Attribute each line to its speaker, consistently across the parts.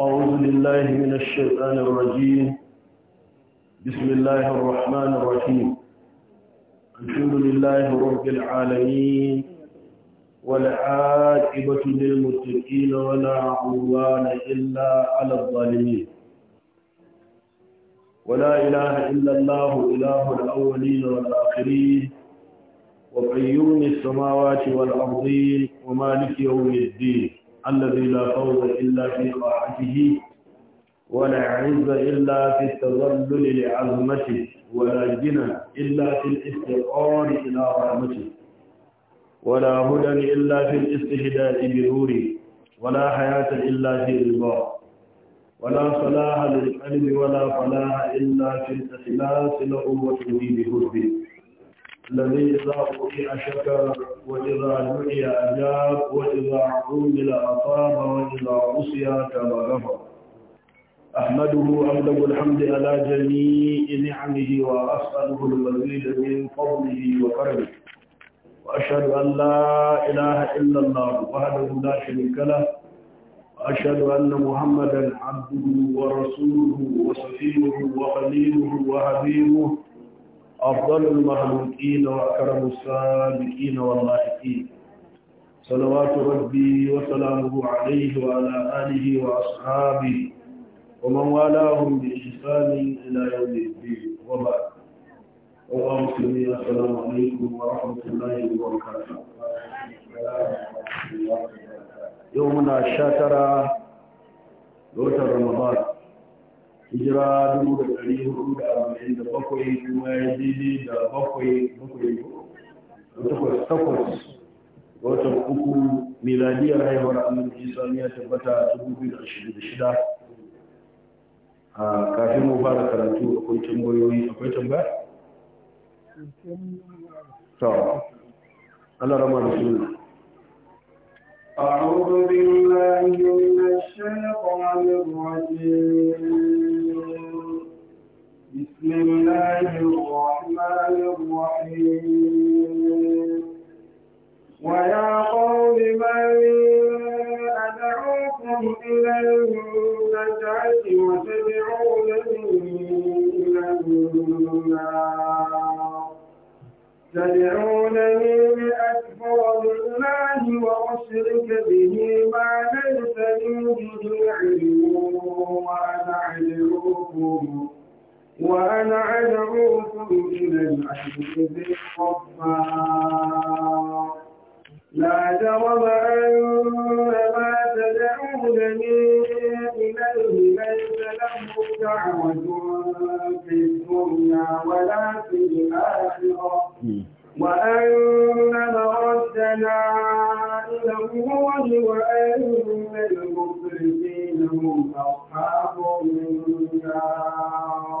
Speaker 1: أعوذ بالله من الشيطان الرجيم بسم الله الرحمن الرحيم الحمد لله رب العالمين والعاقبة للمتقين ولا عدوان إلا على الظالمين ولا إله إلا الله إله الأولين والآخرين وقيوم السماوات والأرضين ومالك يوم الدين الذي لا فوز إلا في طاعته ولا عز إلا في التظلل لعظمته ولا جنى إلا في الاستقرار إلى رحمته ولا هدى إلا في الاستهداء بنوره ولا حياة إلا في رضاه ولا صلاح للقلب ولا فلاح إلا في الإخلاص له وتوحيد حبه الذي إذا أطيع شكر وإذا دعي أجاب وإذا عمل أطاب وإذا عصي تاب غفر أحمده أملك الحمد على جميع نعمه وأسأله المزيد من فضله وكرمه وأشهد أن لا إله إلا الله وحده لا شريك له وأشهد أن محمدا عبده ورسوله وصفيه وخليله وحبيبه أفضل المخلوقين وأكرم السابقين واللاحقين صلوات ربي وسلامه عليه وعلى آله وأصحابه ومن والاهم بإحسان إلى يوم الدين وبعد اللهم صل السلام عليكم ورحمة الله وبركاته يومنا الشاترة لوتر رمضان hijira dubu da ɗari hudu da arba'in da bakwai kuma ya daidai da bakwai bakwai takwas takwas wata uku miladiyar haihuwar annabi isa ya tabbata dubu biyu da ashirin da shida a kafin mu fara karatu akwai tambayoyi akwai tambaya? to Allah rama da
Speaker 2: أعوذ بالله من الشيطان الرجيم بسم الله الرحمن الرحيم ويا قوم من أدعوكم إلى النجاة وتدعونني إلى تدعونني لأكبر بالله وأشرك به ما ليس لي به علم وأنا أدعوكم وأنا أدعوكم إلى العزيز الغفار لا جرم أن ما تدعونني إليه ليس له دعوة في الدنيا ولا في الآخرة وأن مردنا إلى الله وأن المسرفين هم أصحاب النار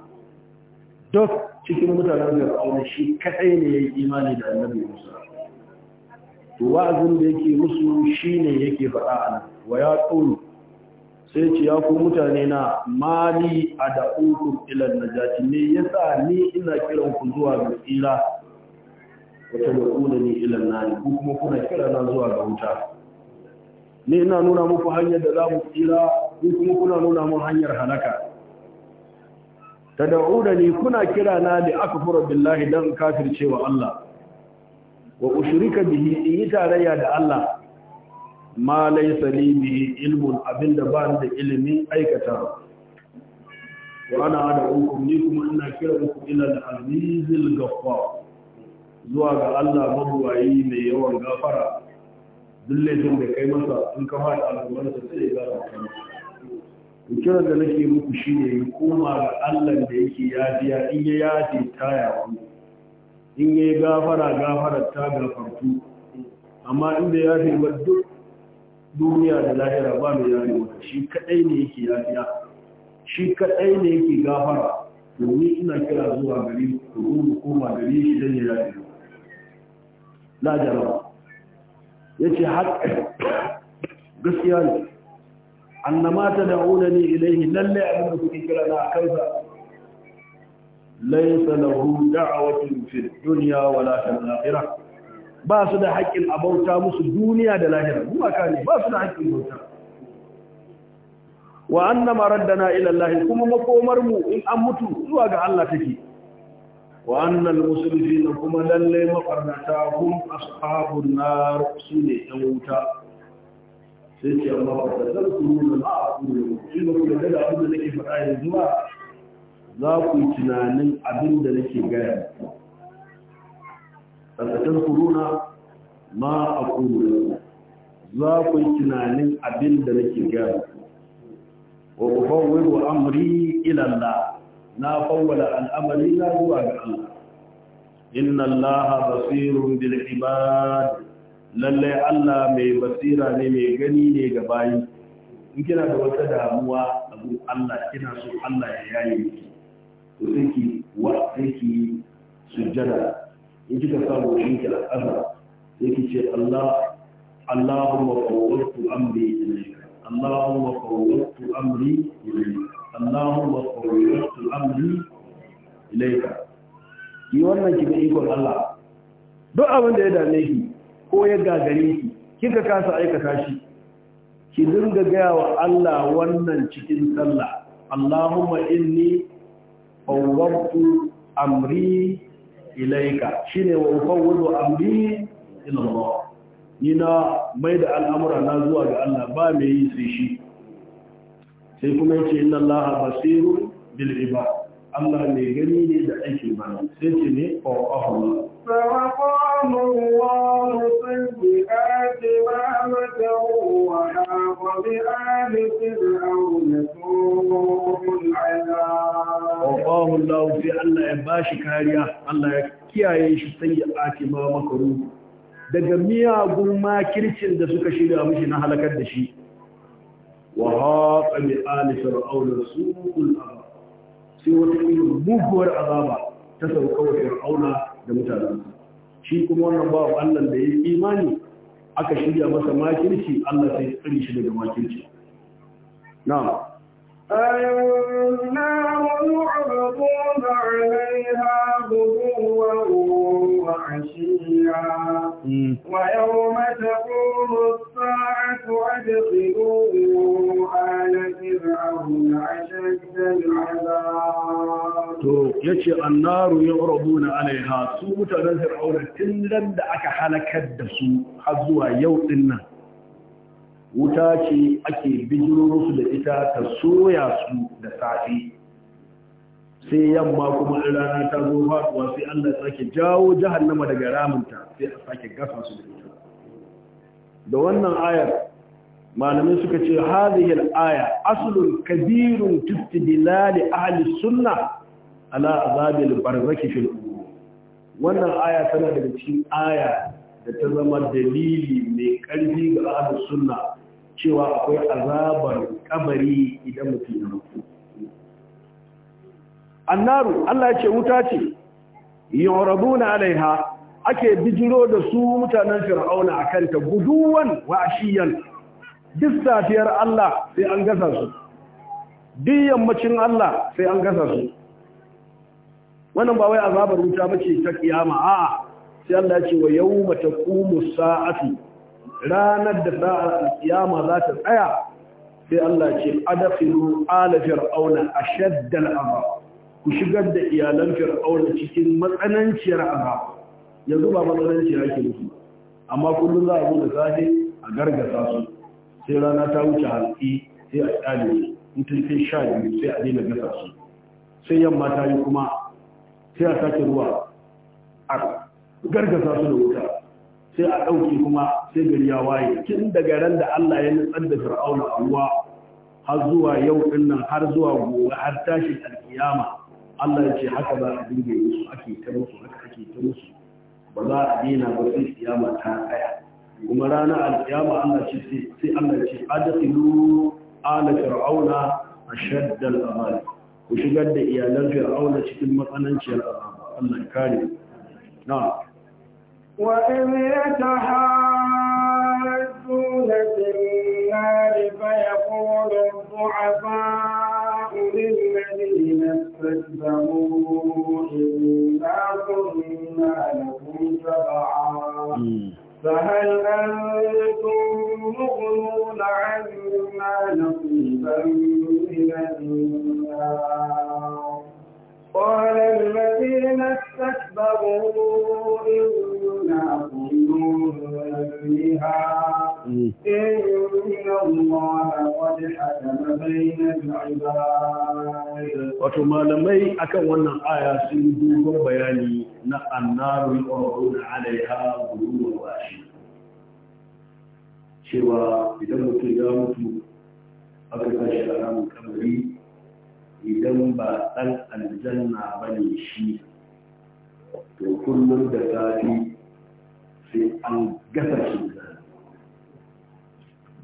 Speaker 1: duk cikin mutanen aure shi kadai ne yake imani da annabi Musa to wa'azin da yake musu shine yake faɗa ana wa ya qulu sai ce ya ku mutane na mali ad'ukum ila najati ne yasa ni ina kiran ku zuwa ga tsira wata da kuna ni ila nani ku kuma kuna kira na zuwa ga wuta ni ina nuna muku hanyar da za mu tsira ku kuma kuna nuna mu hanyar halaka tad'unani kuna kira na li akfura billahi dan kafirce wa Allah wa ushrika bihi in yi tarayya da Allah ma laysa li bihi ilmun abinda ba ni da ilimi aikata wa ana ad'ukum ni kuma ina kira ku ila al-azizil ghaffar zuwa ga Allah mabuwayi mai yawan gafara duk laifin da kai masa in ka fara al'ummar sa sai ya gafara kiran da nake muku shi ne ya koma ga Allah da yake yafiya in ya yafe ta ku in ya yi gafara gafara ta gafartu amma inda ya fi wa duk duniya da lahira ba mai yare wata shi kadai ne yake yafiya shi kadai ne yake gafara domin ina kira zuwa gari ku mu koma gari shi dan ya yafe la jaraba yace haƙƙi gaskiya ne annama ta da'una ne ilaihi lalle abin da kuke kira na kansa laysa lahu da'watun fil dunya wala fil akhirah ba su da haƙƙin abauta musu duniya da lahira gumaka ne ba su da haƙƙin bauta wa annama raddana ila Allah kuma makomar mu in an mutu zuwa ga Allah take wa annal musrifin kuma lalle mafarnata hum ashabun nar sune yan wuta sai ce amma ba da zan ku nuna ba a kuma shi ba ku daga abin da nake faɗa yanzu ba za ku yi tunanin abin da nake gaya tsakatan kuruna ma a kuma za ku yi tunanin abin da nake gaya wa ku fawwai wa amri ilalla na fawwala al'amari na zuwa ga Allah inna Allah basirun bil ibad lallai Allah mai basira ne mai gani ne ga bayi in kina da wata damuwa abu Allah kina so Allah ya yaye miki to sai ki wa sai ki sujjada in kika samu shin ki al'azar sai ki ce Allah Allahumma fawwadtu amri ilayka Allahumma fawwadtu amri ilayka Allahumma fawwadtu amri ilayka yi wannan kiga ikon Allah duk abin da ya dame ki ko ya gagare ki kika kasa aikata shi ki dinga gaya wa Allah wannan cikin sallah Allahumma inni fawwadtu amri ilaika shine wa fawwadu amri ila Allah ni mai da al'amura na zuwa ga Allah ba me yi sai shi sai kuma yace inna Allah basirun bil ibad Allah mai gani ne da aikin bayan sai ce ne fawwahu
Speaker 2: Allah يعلم allah سيئات أعمله وحاق بآل فرعون سوء العذاب وقاه
Speaker 1: الله في أن يباشي كاريا الله kiyaye shi sayyi'ati ma makaru daga miyagun makircin da suka shirya mishi na halakar da shi wa haƙa mai alifar fir'aun su azab sai wata irin muguwar azaba ta sauka wa fir'auna da mutanen. shi kuma wannan bawan Allah da ya yi imani aka shirya masa makirci Allah sai ya tsare shi daga makirci na'am
Speaker 2: النار يعرضون عليها غدوا وعشيا ويوم تقوم الساعة أدخلوا آل فرعون أشد العذاب.
Speaker 1: يجي النار يعرضون عليها سوء تنزل عورة تنلم دعك حلكت دسو حزوها يوم النار. wuta ce ake bijiro su da ita ta soya su da safe sai yamma kuma in rana ta zo haɗuwa, sai Allah sake jawo jahannama daga raminta sai a sake gasa su da ita da wannan ayar malamai suka ce hadhihi al-aya aslun kabirun tistidlal ahli sunna ala azabil barzakh fil wannan aya tana daga cikin aya da ta zama dalili mai ƙarfi ga ahli sunna cewa akwai azabar kabari idan mutum ya mutu annaru Allah ya ce wuta ce yu'raduna alaiha ake bijiro da su mutanen fir'auna akan ta guduwan wa ashiyan duk safiyar Allah sai an gasa su duk yammacin Allah sai an gasa su wannan ba wai azabar wuta bace ta kiyama a'a sai Allah ya ce wa yawma taqumu sa'ati ranar da sa'ar alkiyama za ta tsaya sai Allah ce adafilu ala fir'auna ashaddal azab ku shigar da iyalan fir'auna cikin matsananciyar azab yanzu ba matsananciyar ake musu amma kullum za a zo da safe a gargasa su sai rana ta wuce halki sai a tsale su mutum sai sha biyu sai a daina gasa su sai yamma ta yi kuma sai a sake ruwa a gargasa su da wuta sai a ɗauki kuma sai gari ya waye tun daga ran da Allah ya nutsar da fir'auna a ruwa har zuwa yau din nan har zuwa gobe har tashi alkiyama Allah ya ce haka za a dinga yi su ake ta musu haka ake ta musu ba za a dina ba sai kiyama ta tsaya kuma ranar alkiyama Allah ce sai Allah ya ce adkhilu ala fir'auna ashadda al-azab ku shigar da iyalan fir'auna cikin matsananciyar azaba Allah kare na
Speaker 2: wa in يلقون في النار فيقول الضعفاء للذين استكبروا إنا كنا لكم تبعا فهل أنتم مغنون عنا نصيبا من النار قال الذين استكبروا إنا كنا فيها
Speaker 1: Wato malamai akan wannan aya sun dogon bayani na annarin ƙwararru da alaiha gudunar shi. Cewa idan mutum ya mutu aka tashi a ramin kamari idan ba ɗan aljanna ba ne shi, to kullum da safi sai an gasa shi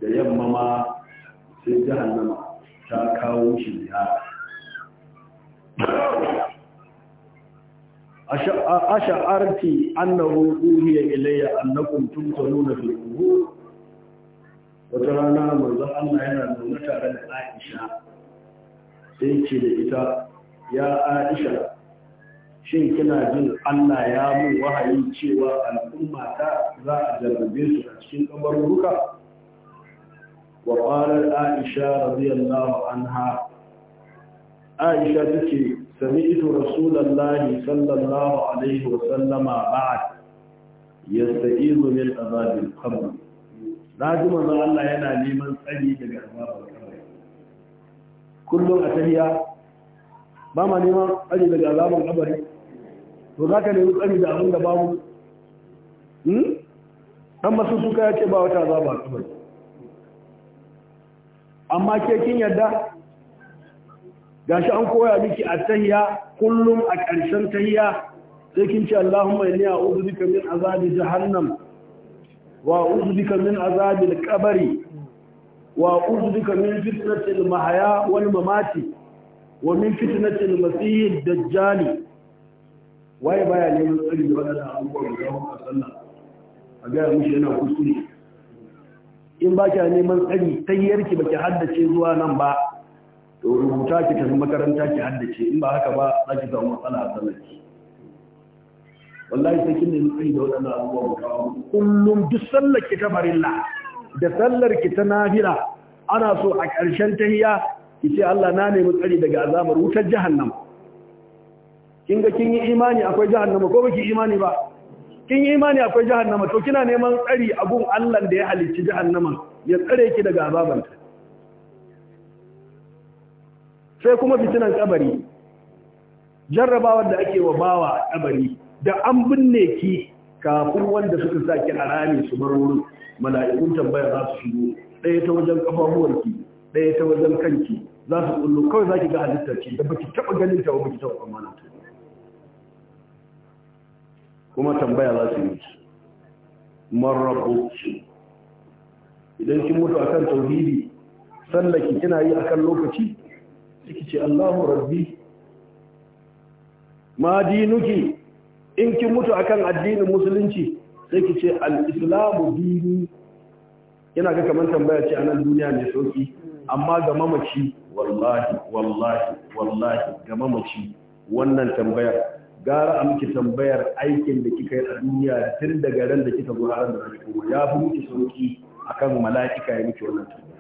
Speaker 1: da yamma ma sai jahannama ta kawo shi ziyara asha'arti annahu uhiya ilayya annakum tumtanuna fil qubur
Speaker 3: wata rana manzo
Speaker 1: Allah yana nuna tare da Aisha sai ce da ita ya Aisha shin kina jin Allah ya mun wahayi cewa al'umma ta za a jarrabe su a cikin kabaruka وقالت عائشة رضي Aisha عنها عائشة تكي سمعت رسول الله صلى الله عليه وسلم بعد يستعيذ من عذاب القبر لازم ان الله ينا neman tsari daga azabar kullum a tahiya ba ma neman tsari daga azabar kabari to zaka nemi tsari da abin da babu hmm dan masu suka ba wata azaba kabari amma ke kin yadda gashi an koya miki at-tahiyya kullum a ƙarshen tahiyya sai kin ce Allahumma inni a'udhu bika min azabi jahannam wa a'udhu bika min azabi al-qabri wa a'udhu bika min fitnati al-mahya wal mamati wa min fitnati al-masih ad-dajjal waye baya neman tsari da wannan abubuwan da Allah a ga mushi yana kuskure in ba kya neman tsari tayyarki ba ki haddace zuwa nan ba to rubuta ki tafi makaranta ki haddace in ba haka ba za ki samu matsala a tsallaki. wallahi sai kin nemi tsari da waɗannan abubuwa kullum duk sallar ki ta farilla da sallar ki ta nahira, ana so a ƙarshen tahiya ki ce Allah na nemi tsari daga azabar wutar jahannama kin ga kin yi imani akwai jahannama ko baki imani ba kin yi imani akwai jahannama to kina neman tsari a gun Allah da ya halicci jahannama ya tsare ki daga ta sai kuma fitinan kabari jarrabawar da ake wa bawa kabari da an binne ki kafin wanda suka saki rami su bar wurin mala'ikun tambaya za su shigo ɗaya ta wajen kafafuwarki ɗaya ta wajen kanki za su kullu kawai za ki ga halitta ce da baki taɓa ganin ta ba baki taɓa amana ta kuma tambaya za su yi marrabu idan kin mutu akan tauhidi sallaki kina yi akan lokaci kike ce Allahu rabbi ma dinuki in kin mutu akan addinin musulunci sai ki ce al-islamu dini yana ga kamar tambaya ce anan duniya mai sauki amma ga mamaci wallahi wallahi wallahi ga mamaci wannan tambayar. gara a miki tambayar aikin da kika yi a duniya tun daga ran da kika gudanar da rashi kuma ya fi miki sauki kan mala'ika ya muke wannan tambaya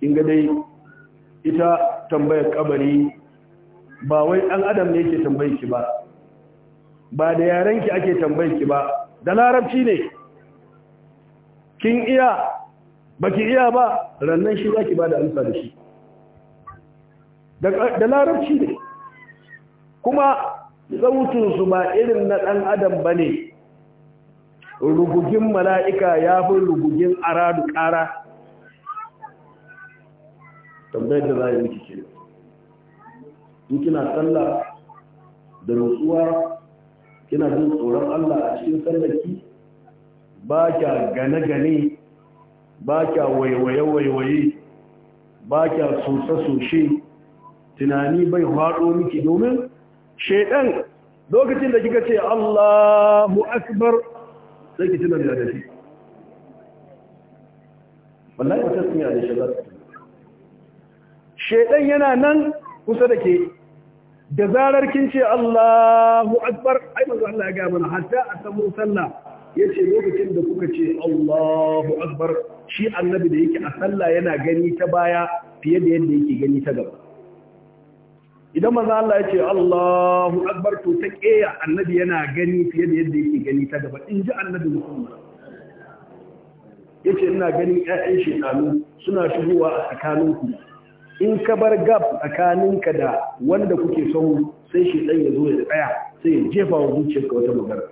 Speaker 1: kin ga dai ita tambayar kabari ba wai ɗan adam ne ke tambayar ki ba ba da yaren ki ake tambayar ki ba da larabci ne kin iya baki iya ba rannan shi ki ba da amsa da shi da larabci ne kuma sautinsu ba irin na ɗan adam ba ne rugugin mala'ika ya fi rugugin aradu ƙara tambayar da za a yi miki ce in kina sallah da nutsuwa kina jin tsoron allah a cikin sallaki ba kya gane-gane ba kya waiwaye-waiwaye ba kya sosa soshe tunani bai haɗo miki domin shaidan lokacin da kika ce Allahu akbar sai ki tuna da shi wallahi wata sunya da shaidan shaidan yana nan kusa da ke da zarar kin ce Allahu akbar ai manzo Allah ya ga mana hatta a samu sallah yace lokacin da kuka ce Allahu akbar shi annabi da yake a sallah yana gani ta baya fiye da yadda yake gani ta gaba idan maza Allah ya ce Allahu akbar to ta keya annabi yana gani fiye da yadda yake gani ta gaba in ji annabi musulma, yace ina ganin ƴaƴan shekaru suna shigowa a tsakaninku in ka bar gab tsakaninka da wanda kuke son sai shi ya zo ya tsaya sai ya jefa wa zuciyarka wata magana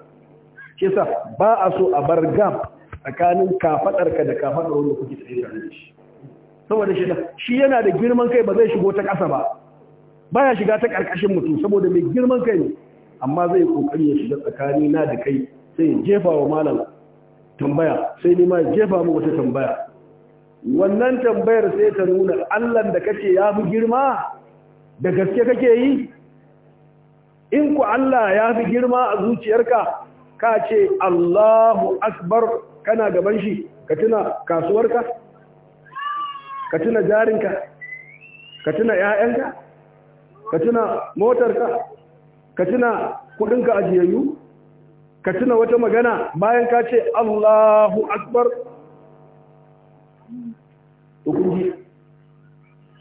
Speaker 1: shi sa ba a so a bar gab tsakanin kafadarka da kafadar wanda kuke tsaye da shi saboda shi yana da girman kai ba zai shigo ta ƙasa ba baya shiga ta karkashin mutum saboda mai girman kai ne amma zai kokari ya shiga tsakani na da kai sai ya jefa wa malam tambaya sai ni ma ya jefa mu wata tambaya wannan tambayar sai ta nuna Allah da kake ya fi girma da gaske kake yi in ku Allah ya fi girma a zuciyarka ka ce Allahu Akbar kana gaban shi ka tuna kasuwarka ka tuna jarinka ka tuna ‘ya'yanka ka tuna motarka ka tuna kudinka ajiyayyu ka tuna wata magana bayan ka ce Allahu akbar hukunci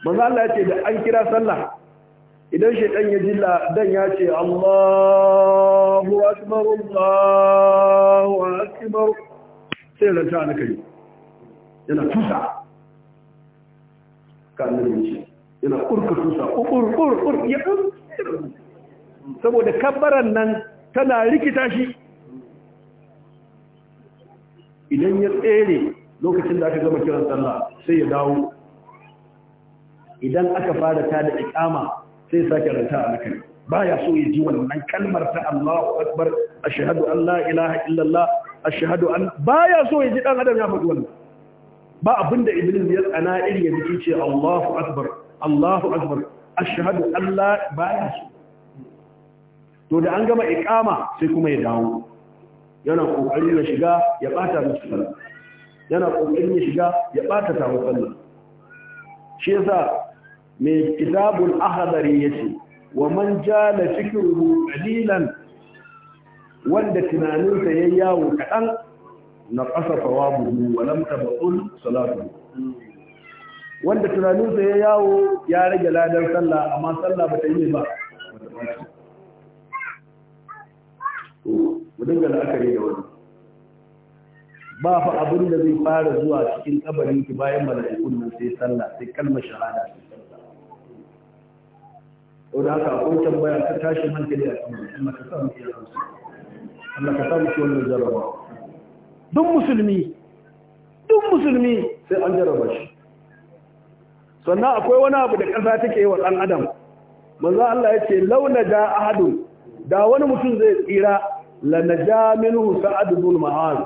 Speaker 1: manzo Allah ya ce da an kira sallah idan shaitan ya jilla dan ya ce Allahu akbar Allahu akbar sai ranta na kai yana tusa kan nan ce yana kurka tusa kurkurkur ya saboda kabbaran nan tana rikita shi idan ya tsere lokacin da aka gama kiran sallah sai ya dawo idan aka fara ta da ikama sai sake ranta a nakari ya so ya ji wannan kalmar ta Allahu akbar A an la ilaha illallah a ashhadu an ya so ya ji dan adam ya faɗi wannan ba abinda iblis ya tsana iri ya ji ce Allahu akbar Allahu akbar ashhadu an la baya su to da an gama iqama sai kuma ya dawo yana kokari ya shiga ya ɓata musu sallah yana kokarin ya shiga ya ɓata ta sallah shi yasa mai kitabun kitabul ya ce. wa man ja da cikin qalilan wanda tunaninsa ya yawo kaɗan na ƙasa fawabuhu wa lam tabatul salatu wanda tunaninsa ya yawo ya rage ladar sallah amma sallah ba ta yi ba da dinga yi da wani ba fa abin da zai fara zuwa cikin kabarin ki bayan mala'ikun nan sai sallah sai kalmar shahada sau da haka akwai tambaya ta tashi hankali a cikin Allah ka ya iya Allah ka samu ciwon wannan jarraba duk musulmi duk musulmi sai an jarraba shi sannan akwai wani abu da ƙasa take wa ɗan adam manzo Allah ya ce launa da ahadu da wani mutum zai tsira naja minhu sa'ad ibn ma'az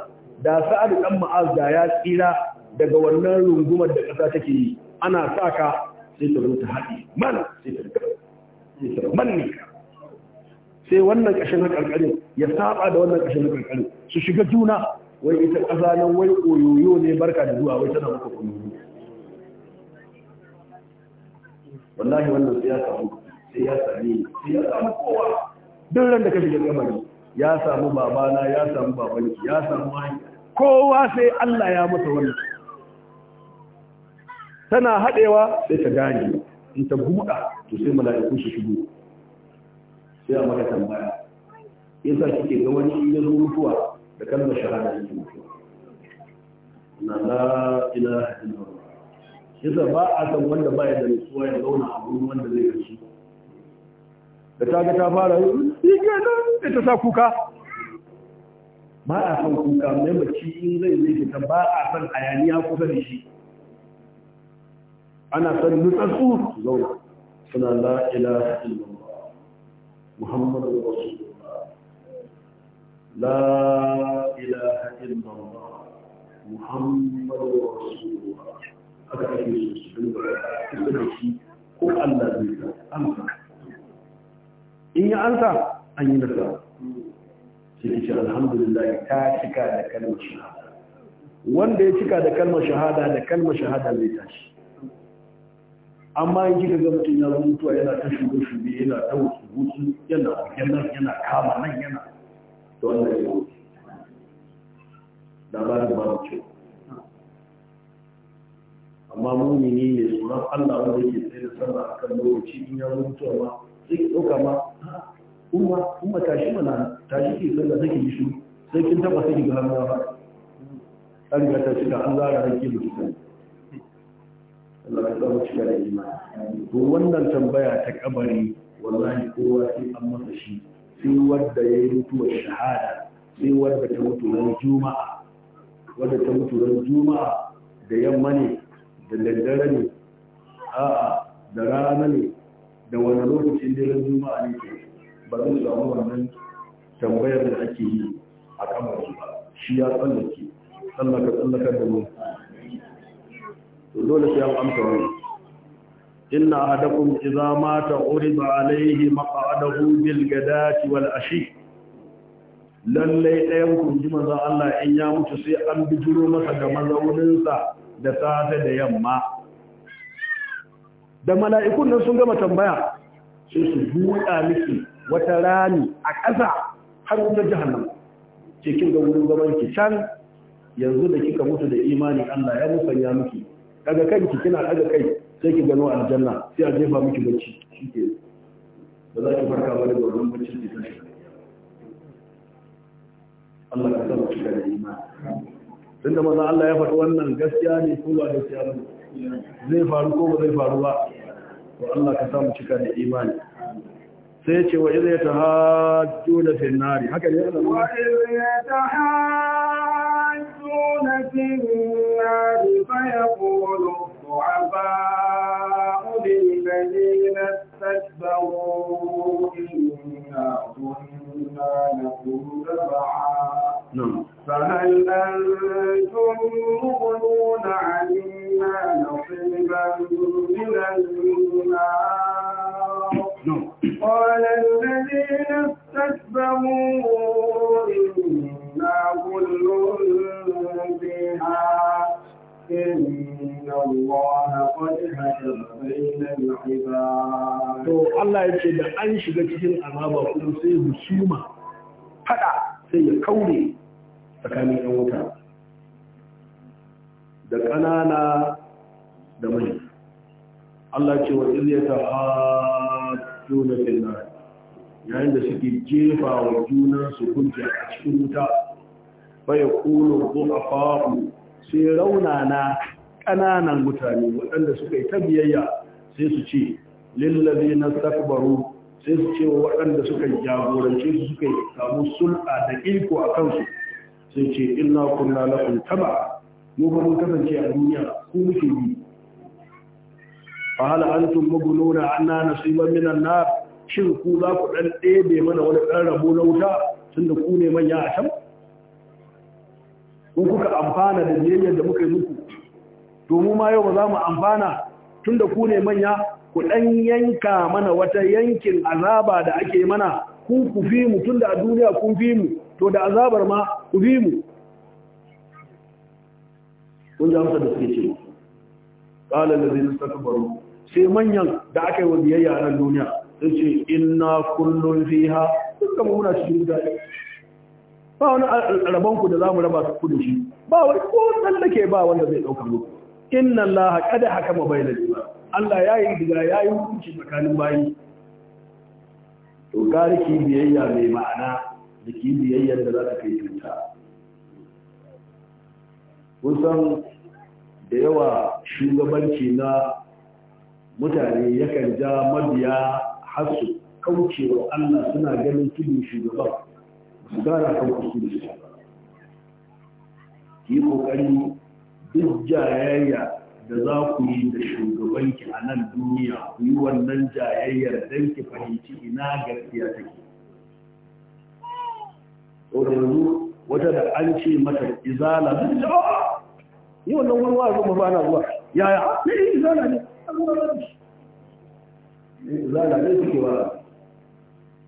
Speaker 1: da sa'ad dan ma'az da ya tsira daga wannan rungumar da ƙasa take yi ana saka sai ta ta haɗi man sai ta man ne sai wannan ƙashin hakarkarin ya saba da wannan ƙashin hakarkarin su shiga juna wai ita ƙasa nan wai koyoyo ne barka da zuwa wai tana maka koyoyo wallahi wannan sai ya samu sai ya sami sai ya samu kowa duk ran da ka shiga kamari ya samu babana ya samu babanki ya samu mai kowa sai Allah ya masa wannan tana haɗewa sai ta gane in ta buɗa to sai mala'iku su shigo sai a maka tambaya yasa kike ga wani ya zo mutuwa da kalmar shahada yake mutuwa na la ilaha illallah Kisa ba a san wanda ba ya da nutsuwa ya zauna a gurin wanda zai rasu da ta ga ta fara yi gano da ta sa kuka ba a san kuka mai mace in zai zai fita ba a san hayaniya kusa da shi ana san nutsatsu zauna suna la'ila ilaha illallah muhammadu إله إلا الله محمد muhammadu الله haka ake Allah amsa in ya ansa an yi ta cika da kalmar shahada wanda ya cika da kalmar shahada da kalmar shahada zai tashi amma in kika ga mutum ya mutuwa yana ta shugo shugo yana ta wuce yana yana kama nan yana to ya babu kyau amma mumini ne tsoron Allah wanda yake tsaye da sallah akan lokaci in ya mutuwa ma sai ki ɗauka ma kuma kuma tashi mana tashi ki sallah sai ki yi shiru sai kin taba sai ki ga hannu ba an ga ta cika an zara rake mutu kitan Allah ka tsaro cika da imani to wannan tambaya ta kabari wallahi kowa sai an masa shi sai wanda ya yi mutuwar shahada sai wanda ta mutu ran juma'a wanda ta mutu ran juma'a da yamma ne da daddare ne a'a da rana ne da wani lokacin zuma a ne ba zai samu wannan tambayar da ake yi a kan ba shi ya tsallake tsallaka tsallaka da mu to dole sai an amsa wani inna ahadakum idza mata uriba alayhi maq'adahu bil gadati wal ashi lallai ɗayan ku ji manzon Allah in ya mutu sai an bijiro masa ga mazauninsa da safe da yamma da mala'ikun nan sun gama tambaya sai su buɗa miki wata rani a ƙasa har wutar jahannam cikin ga wurin zaman ki can yanzu da kika mutu da imani Allah ya musanya miki daga kanki kina daga kai sai ki gano aljanna sai a jefa miki bacci shike ba za ki farka ba da wurin bacci ki Allah ka sa da imani tunda maza Allah ya faɗi wannan gaskiya ne ko ba gaskiya ba zai faru ko ba zai faru ba to Allah ka samu cika da imani sai ce wa ta yatahajjuna na nari haka ne Allah wa
Speaker 2: idza fa inna بما نعم. فهل أنتم مغنون عنا نصيبا من النار نعم. قال الذين استكبروا إنا كل فيها إن الله
Speaker 1: To Allah ya ce da an shiga cikin azaba kuma sai
Speaker 3: husuma
Speaker 1: fada sai ya kaure tsakanin yan wuta da ƙanana da mai. Allah ce wa ilya ta hajjo na finna yayin da suke jefa wa juna su kunce a cikin wuta bai kulu ko a sai raunana ƙananan mutane waɗanda suka yi ta biyayya sai su ce lillazi na takbaru sai su ce waɗanda suka jagorance su suka samu sul'a da iko a kansu sai ce inna kunna lakum taba mu ba mun kasance a duniya ku muke bi fahala antum mabununa anna nasiban minan nar shin ku za ku dan ɗebe mana wani ɗan rabo na wuta tunda ku ne manya a can ku kuka amfana da biyayyar da muka yi muku domin ma yau ba za mu amfana tun da ku ne manya ku ɗan yanka mana wata yankin azaba da ake mana kun ku fi mu tun da a duniya kun fi mu to da azabar ma ku fi mu kun ji amsa da suke ce ƙalar da zai suka baro sai manyan da aka yi wa biyayya a nan duniya sun ce inna kullum fiha dukkan muna cikin mutane ba wani rabonku da za mu raba ku da shi ba wani ko tsallake ba wanda zai ɗauka muku inna allaha qad bai bainal ba Allah ya yayi diga yi hukunci tsakanin bayi to gari ki biyayya mai ma'ana da ki biyayyar da za ta kai cuta kusan da yawa shugabanci na mutane yakan ja mabiya hasu kaucewa Allah suna ganin tudun shugaban su gara kan kusur ki kokari jayayya da za ku yi da shugabanki a nan duniya ku yi wannan jayayyar don ki fahimci ina gaskiya take ko da yanzu wata da an ce mata izala zai ce a yi wannan wani wa zuwa ba na zuwa yaya ne izala ne izala ne suke ba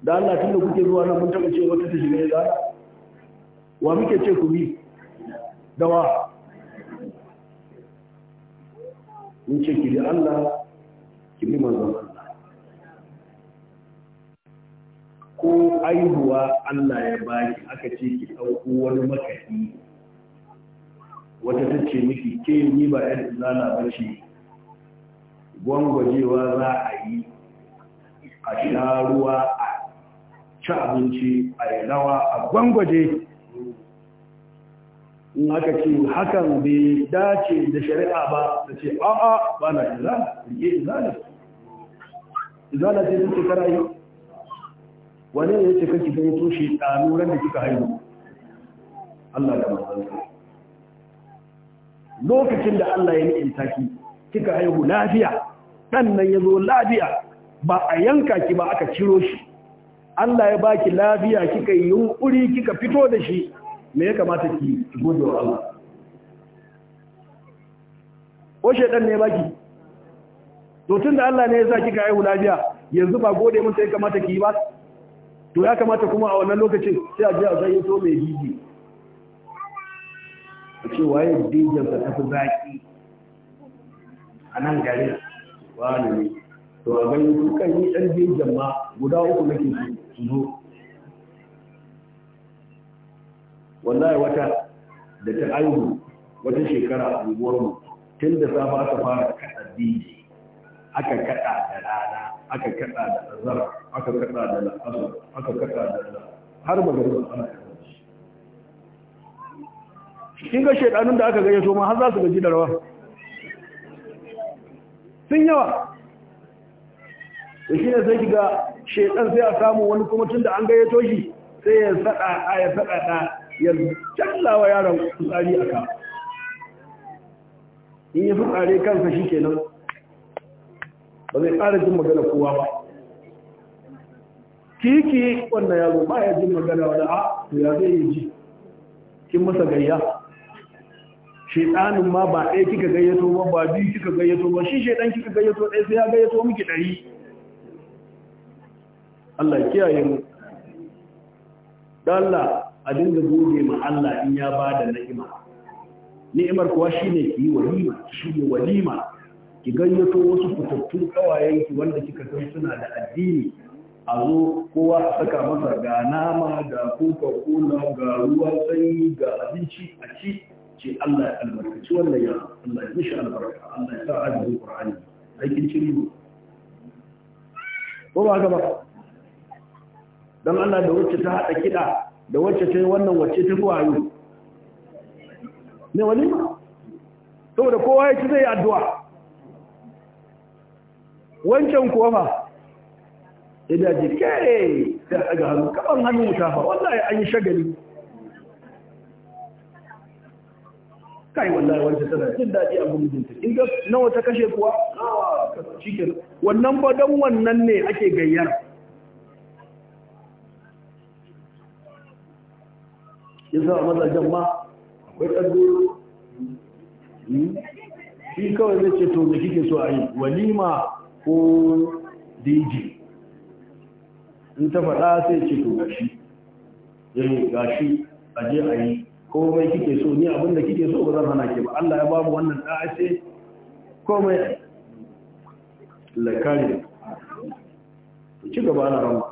Speaker 1: da Allah tun da kuke zuwa na mun taɓa ce wata ta shiga izala wa muke ce ku bi da wa mun ce ki Allah kiri bi manzon Allah ko aihuwa Allah ya baki aka ce ki ɗauko wani makaɗi wata ta ce miki ke ni ba yan izala ba ce gwangwajewa za a yi a sha ruwa a ci abinci a yi rawa a gwangwaje aka ce hakan bai dace da shari'a ba da ce a'a ba na izala rike izala izala ce sun ce kara yi wani ya ce kake gani to shi ɗanuran da kika haihu Allah da mazanta lokacin da Allah ya ni'in taki kika haihu lafiya ɗan nan ya zo lafiya ba a yanka ki ba aka ciro shi Allah ya baki lafiya kika yi yunkuri kika fito da shi me ya kamata ki gode wa Allah ko shedan ne baki to tunda Allah ne ya sa kika aihu lafiya yanzu ba gode mun sai kamata ki ba to ya kamata kuma a wannan lokacin sai a je a sai so mai gidi a ce waye dijin ka tafi zaki a nan garin wani ne to a ganin dukkan yi dan dijin ma guda uku nake su zo wallahi wata da ta aihu wata shekara a unguwarmu tun da safa aka fara kada dj aka kaɗa da rana aka kaɗa da azara aka kaɗa da la'asar aka kaɗa da har magana ana kaɗa shi ga shaidanun da aka gayyato ma har za su gaji da rawa sun yawa da shi ne sai ga shaidan sai a samu wani kuma tun da an gayyato shi sai ya saɗa ya saɗa ya jalla yaron fitsari a ka in yi fitsari kansa shi kenan ba zai ƙara jin magana kowa ba kiki wanda yaro ba ya jin magana wani a ah, to ya zai yi ji kin masa gayya shedanin ma ba ɗaya kika gayyato ba ba biyu kika gayyato ba shi shedan kika gayyato ɗaya sai ya gayyato miki ɗari Allah kiyaye mu dalla a dinga gode ma Allah in ya ba da ni'ima ni'imar kuwa shine ki yi walima ne walima ki gayyato wasu fitattun ki wanda kika san suna da addini a zo kowa a saka masa ga nama ga kuka cola ga ruwan sanyi ga abinci a ci ce Allah ya albarkaci wannan ya Allah ya mishi albarka Allah ya sa azumin Qur'ani aikin ciri ko ba ga ba dan Allah da wuce ta hada kida da wacce ta wannan wacce ta fi wayo ne wani? saboda kowa ya ci zai yi addu'a wancan kuwa ba idan ji ke da a ga hannu kaban hannu mutafa wallahi an yi shagali kai wallahi wanda tana jin daɗi a gumjinta in ga nawa ta kashe kuwa ah, shi wannan ba don wannan ne ake gayyara ya sa mazajen ma akwai ƙaddoro hmm? shi kawai zai ce to da kike so a yi walima ko dj in ta faɗa sai ce to gashi yayi eh, gashi a je a yi ko komai kike so ni abin da kike so ba zan hana ke ba Allah ya ba mu wannan da'a ce komai la kare ci gaba na rama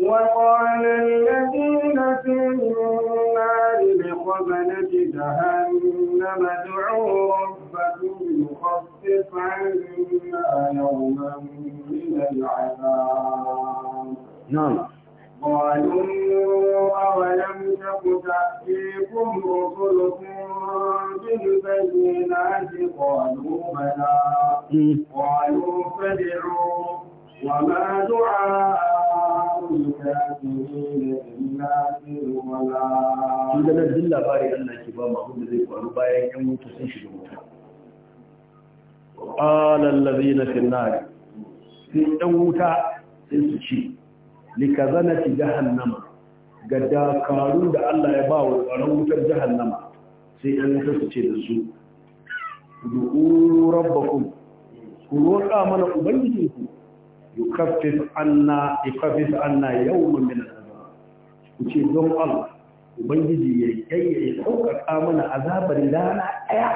Speaker 2: وقال الذين في وبنات جهنم دعوا ربكم يخفف عنا يوما من العذاب نعم قالوا أولم تك تأتيكم رسلكم بالبينات قالوا بلى قالوا فادعوا وما دعاء
Speaker 1: الكافرين إلا في الضلال kun ga duk labari Allah ke ba mu da zai faru bayan yan mutu sun shiga wuta qala allazina fi an-nar sai yan wuta sai su ci likazanati jahannama ga dakarun da Allah ya ba wa tsaron wutar jahannama sai yan wuta su ce da su rabba rabbakum ku roƙa mana ubangijinku yukaffif anna yukaffif anna yawman min al ku ce don Allah ubangiji ya yayye ya sauƙaƙa mana azabar rana ɗaya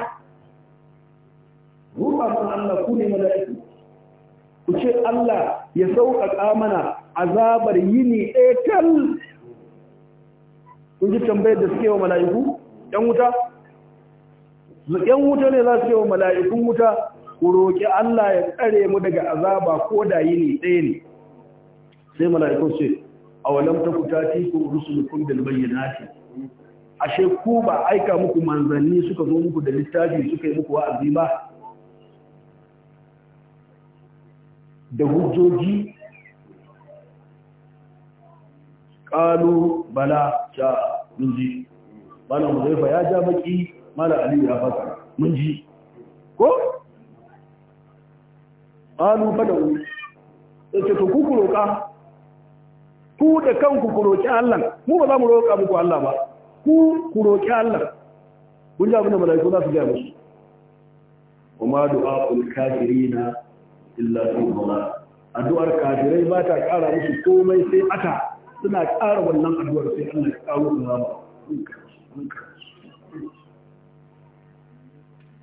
Speaker 1: ruwa mun Allah ku ne mala'iku ku ce Allah ya sauƙaƙa mana azabar yini ekal kun ji tambayar da suke wa mala'iku ɗan wuta ‘yan wuta ne za su yi wa mala'ikun wuta ku roƙi Allah ya tsare mu daga azaba ko da yini ɗaya ne sai mala'ikun ce a walam ta kuta tiku rusulukum bayyana bayyinati ashe ku ba aika muku manzanni suka zo muku da littafi suka yi muku wa'azi ba da hujjoji qalu bala ja bana mu bala fa ya ja baki mala ali ya fasa mun ko qalu wuri da to ku ku roƙa ku da kanku ku roƙi Allah mu ba za mu roƙa muku Allah ba ku ku roƙi Allah kun ji abinda mala'iku za su gaya musu kuma du'a'ul kafirina illa fi dhalal addu'ar kafirai ba ta ƙara musu komai sai ata suna ƙara wannan addu'ar sai Allah ya ƙaro su zama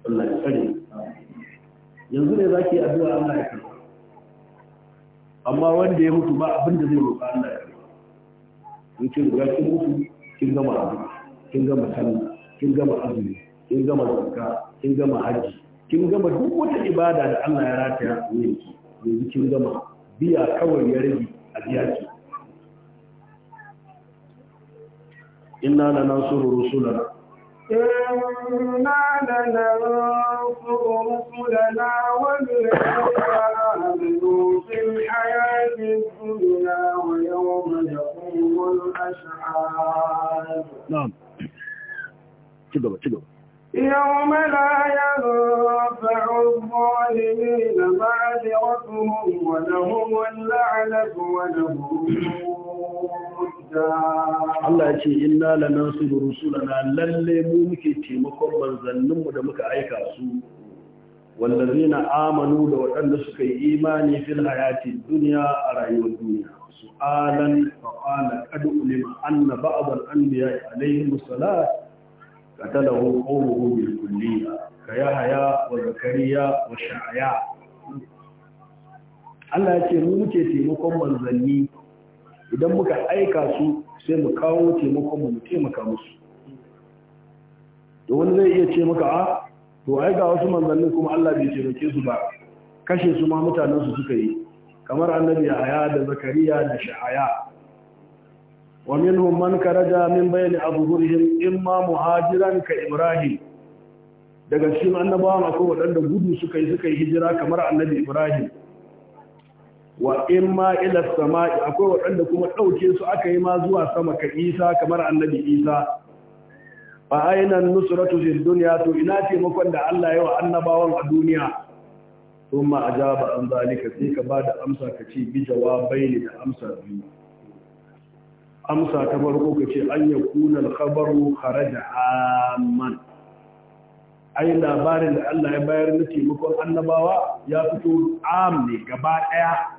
Speaker 1: Allah ya tsare yanzu ne za ki yi addu'a Allah ya karɓa amma wanda ya mutu ba abin da zai roƙa Allah ya karɓa in kin ga kin mutu kin gama abu kin gama sallah kin gama azumi kin gama zakka kin gama haji kin gama duk wata ibada da Allah ya rataya a ki yanzu kin gama biya kawai ya rage a biya ki inna lanansuru rusulana
Speaker 2: إنا لننصر رسلنا والذين آمنوا في الحياة الدنيا ويوم يقوم الأشهاد
Speaker 1: نعم تقبل تقبل
Speaker 2: يوم لا ينفع الظالمين معذرتهم ولهم اللعنة ولهم Allah
Speaker 1: ya ce inna lanansuru rusulana lalle mu muke taimakon mu da muka aika su wallazina amanu da waɗanda suka yi imani fil hayati dunya a rayuwar duniya su'alan fa qala qad ulima anna ba'd al anbiya alayhi musallat qatalahu qawluhu bil kulliya ka yahya wa zakariya wa sha'ya Allah ya ce mu muke taimakon manzanni idan muka aika su sai mu kawo taimakon mu taimaka musu to wani zai iya ce maka a ah, to ai ga wasu manzannin kuma Allah bai taimake su ba kashe su ma mutanen su suka yi kamar annabi Yahaya da Zakariya da sha'aya wa minhum man karaja min bayni abuhurihim imma muhajiran ka Ibrahim daga cikin annabawan akwai waɗanda gudu suka yi suka yi hijira kamar annabi Ibrahim wa in ma ila sama'i akwai waɗanda kuma ɗauke su aka yi ma zuwa sama ka isa kamar annabi isa fa aina nusratu fil dunya to ina taimakon da Allah ya wa annabawan a duniya thumma ajaba an zalika sai ka bada amsa ka ce bi jawabaini da amsa biyu amsa ta farko ka ce an yakuna al-khabaru kharaja amman ai labarin da Allah ya bayar na taimakon annabawa ya fito am ne gaba daya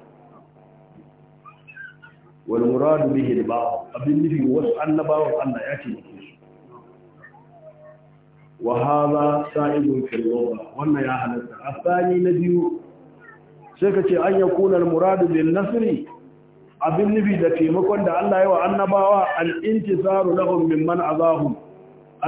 Speaker 1: wal muradu bihi al-ba'd abin nufi wasu annabawan Allah ya ce ne su wa hadha sa'idun fil wannan ya halatta asani na biyu sai ka ce an yakuna al-muradu bil nasri abin nufi da taimakon da Allah ya wa annabawa al-intisaru lahum mimman azahum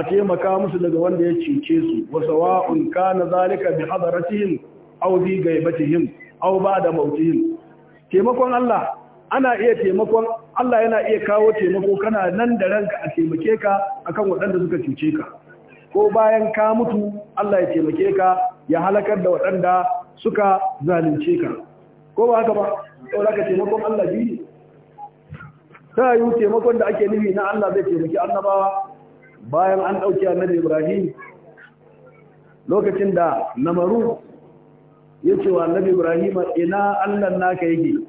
Speaker 1: a taimaka musu daga wanda ya cece su wa sawa'un kana zalika bi hadaratihim aw bi gaibatihim aw ba'da mautihim taimakon Allah ana iya taimakon Allah yana iya kawo taimako kana nan da ranka a taimake ka akan waɗanda suka cuce ka ko bayan ka mutu Allah ya taimake ka ya halakar da waɗanda suka zalunce ka ko ba haka ba da ka taimakon Allah biyu ta yi taimakon da ake nufi na Allah zai taimaki annabawa bayan an ɗauki annabi Ibrahim lokacin da namaru ya ce wa annabi Ibrahim ina Allah naka yake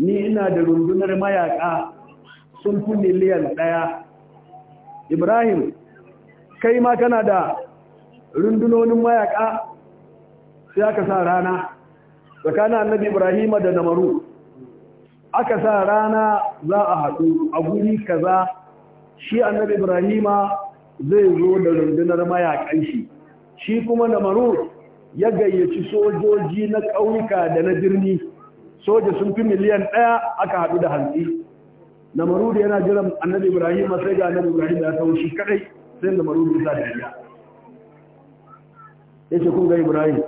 Speaker 1: ni ina da rundunar mayaka sun fi miliyan ɗaya ibrahim kai ma kana da rundunonin mayaka sai aka sa rana tsakanin annabi ibrahim da namaru aka sa rana za a haɗu a guri kaza shi annabi Ibrahim zai zo da rundunar mayakan shi shi kuma namaru ya gayyaci sojoji na ƙauyuka da na birni soja sun fi miliyan ɗaya aka haɗu da hantsi na marudu yana jiran annabi ibrahim sai ga annabi ibrahim ya tawo shi kadai sai da marudu ya sa da Ya ce kun ga ibrahim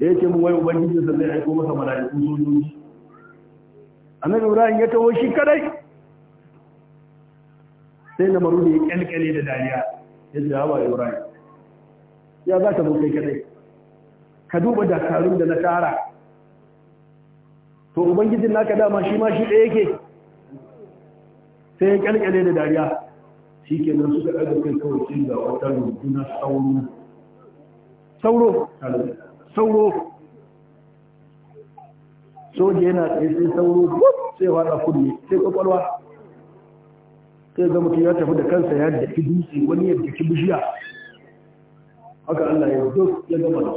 Speaker 1: da ce mu wai ubangiji sannan ya aiko masa malaiku sojoji annabi ibrahim ya tawo shi kadai sai da marudu ya kyalkyale da dariya ya ce hawa ibrahim ya za ta mu kadai ka duba dakarun da na tara to ubangijin naka dama shi ma shi ɗaya yake sai ya kyalkyale da dariya shi ke nan suka ɗaga kai kawai shi ga wata rundunar sauro sauro sauro soja yana tsaye sai sauro sai wada kudu sai kwakwalwa sai zama mutum ya tafi da kansa ya ki dutse wani ya ki bishiya haka Allah ya zo ya gama da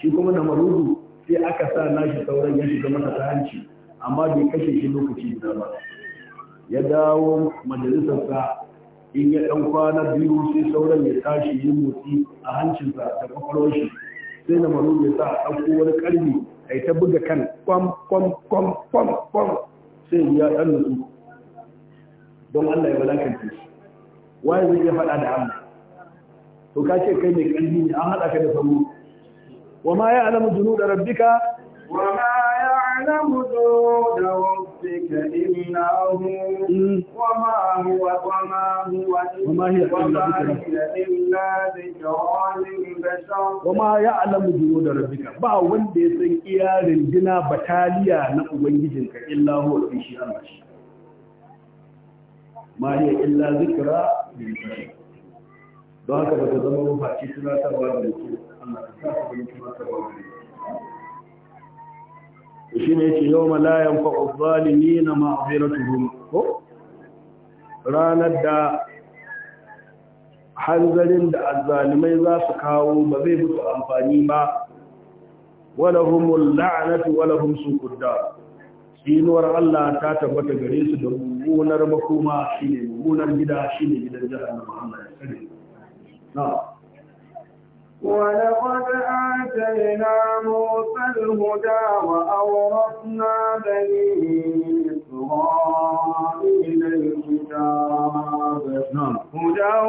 Speaker 1: shi kuma na marudu sai aka sa nashi sauran ya shiga masa ta hanci amma bai kashe shi lokaci guda ba ya dawo majalisarsa in ya ɗan kwana biyu sai sauran ya tashi yi motsi a hancinsa da kwakwalwar shi sai na maro ya sa a ɗauko wani ƙarfi a yi ta buga kan kwam kwam kwam kwam kwam sai ya ɗan nutsu don Allah ya balakanta shi waye zai iya faɗa da Allah to ka ce kai mai ƙarfi ne an haɗa ka da sauro وما يعلم جنود ربك
Speaker 2: وما يعلم جنود ربك إلا هو وما هو وما هو وما
Speaker 1: wanda ya san iya rindina bataliya na ubangijinka illa huwa fi shi Allah shi ma hiya illa zikra lil bashar don haka ba ta zama mafaci tunatarwa da mutum shi ne ce yau malayan na ma'afiratuhun ko ranar da hanzarin da azalimai za su kawo ba zai su amfani ba walahumul la'anatu walahum suqudda sinuwar Allah ta tabbata gare su da mummunar makoma shine mummunar gida shine gidan jihar Allah ya sani
Speaker 2: ولقد آتينا موسى الهدى وأورثنا بني إسرائيل الكتاب نعم هدى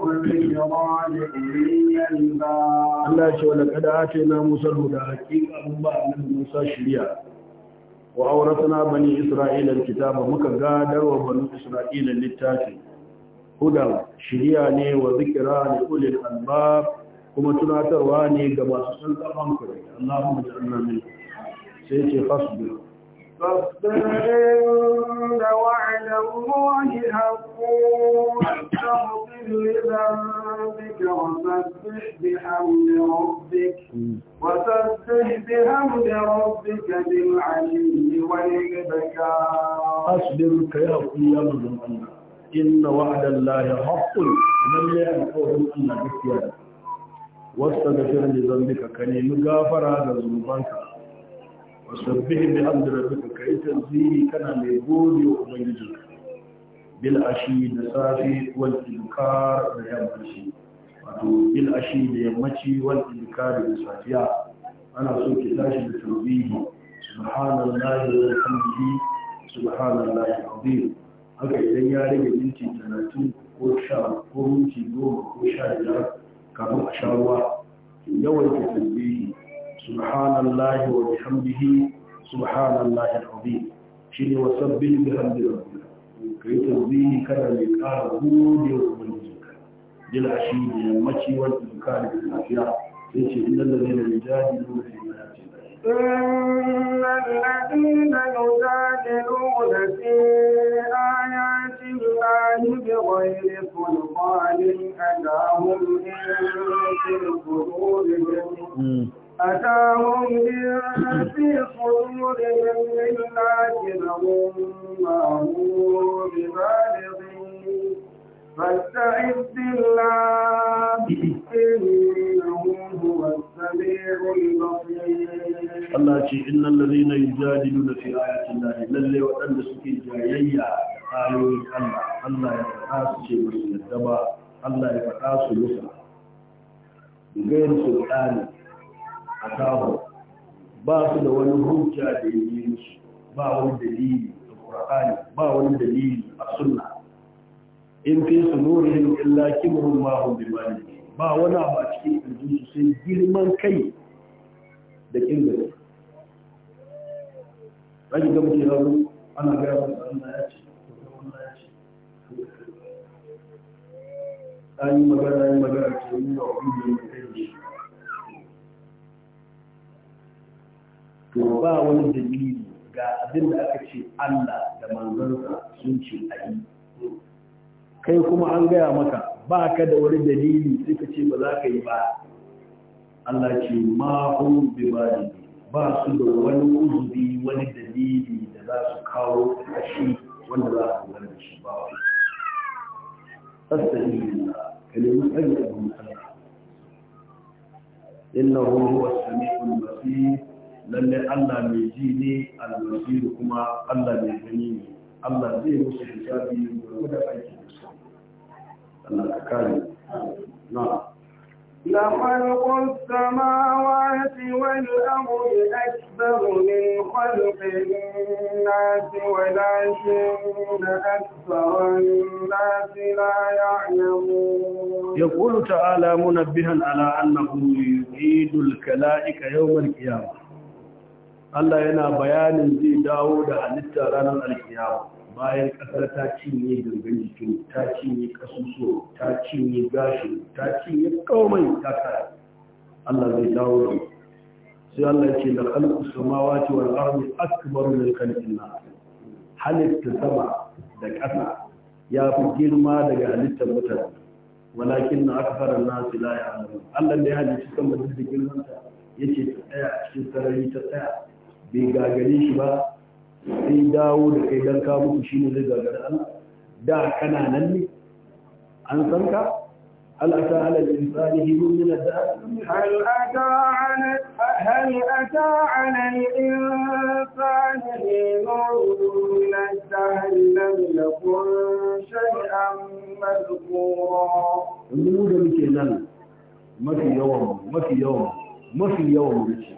Speaker 2: وذكرى لأولي الألباب
Speaker 1: الله يقول ولقد آتينا موسى الهدى حقيقة أنبأ موسى شريعة وأورثنا بني إسرائيل الكتاب مكة وبنو إسرائيل للتاتي هدى شريعة وذكرى لأولي الألباب kuma tunatarwa ne ga masu san tsarfan kure Allahumma ja'alna min sai ce fasbir
Speaker 2: فاصبر عند وعد الله حق واستغفر لذنبك وسبح بحمد ربك وسبح بحمد ربك بالعشي والإبكار
Speaker 1: أصبر كيهقي يا إن وعد الله حق من يأخذ أن بكيانك wasta ga shirin da ka nemi gafara da zunubanka wasabbihi bi hamdi rabbika ka yi tanzihi kana mai gode wa ubangijinka bil ashi da safi wal ibkar da yammaci wato bil ashi da yammaci wal ibkar da safiya ana so ki tashi da tanzihi subhanallah wa bihamdihi subhanallah azim haka idan ya rage minti 30 ko 10 ko minti 10 ko 15 kafin a sha ruwa yawaita subhanallahi wa bihamdihi subhanallahi al shi ne wa sabbih bihamdi rabbika kai tasbihi kada mai kara gode wa ubangijinka jil ashi da yammaci wal inkari da lafiya sai ce innal ladina yujadiluna fi
Speaker 2: ayatina إن الذين يجادلون في آيات الله بغير سلطان أتاهم إن في قلوبهم أتاهم إن في صدورهم إلا كبر ما هم ببالغين فاستعذ بالله إنه هو السميع البصير
Speaker 1: الله إن الذين يجادلون في آيات الله للي وأن سكي جايا آيوين الله الله يفقاس شيء مسلم الدبا الله يفقاس مسلم غير سلطان أتاهم ba su da wani hujja da yi ba wani dalili a ƙura'ani ba wani dalili a sunna in fi sunurihim illa kibrun ma hum bimani ba wani abu a cikin kirjin su sai girman kai da kirgin rage ga muke yaro ana gaya masa Allah ya ce Allah ya ce an yi magana yi magana ce yi wa ƙungiyar da kai shi to ba wani dalili ga abin da aka ce Allah da manzansa sun ce a yi kai kuma an gaya maka ba ka da wani dalili sai ka ce ba za ka yi ba Allah ce ma hun bi ba ba su da wani uzuri wani dalili da za su kawo kashi wanda za su wani da shi ba wani tasiri ka nemi tsari a gurin Allah innahu huwa samiul basir lalle Allah mai ji ne al kuma Allah mai gani ne Allah zai musu hisabi gurbin da aiki da su Allah kare na
Speaker 2: لخلق والأرض أكبر من خلق الناس ولكن أكثر الناس لا يعلمون
Speaker 1: يقول تعالى منبها على أنه يعيد الكلائك يوم القيامة الله ينا بيان zai داود عن التعالى ranar alkiyama bayan ƙasa ta cinye gangan jikin ta cinye kasusu ta cinye gashin ta cinye kawai ta kara Allah zai dawo da mu sai Allah ce da khalqu samawati wal ardi akbar min khalqin nas halitta sama da ƙasa ya fi girma daga halittar mutane walakin na akthara nas la ya'lamun Allah ne ya halicci sama da girman ta yace ta tsaya cikin sarari ta tsaya bai gagare shi ba sai dawo da kai don kawo muku shi ne zai gagara Allah da kana nan ne an san ka Allah ta ala da insani hibu min da hal
Speaker 2: ata ala insani min da lam
Speaker 1: da muke nan mafi yawan mafi mafi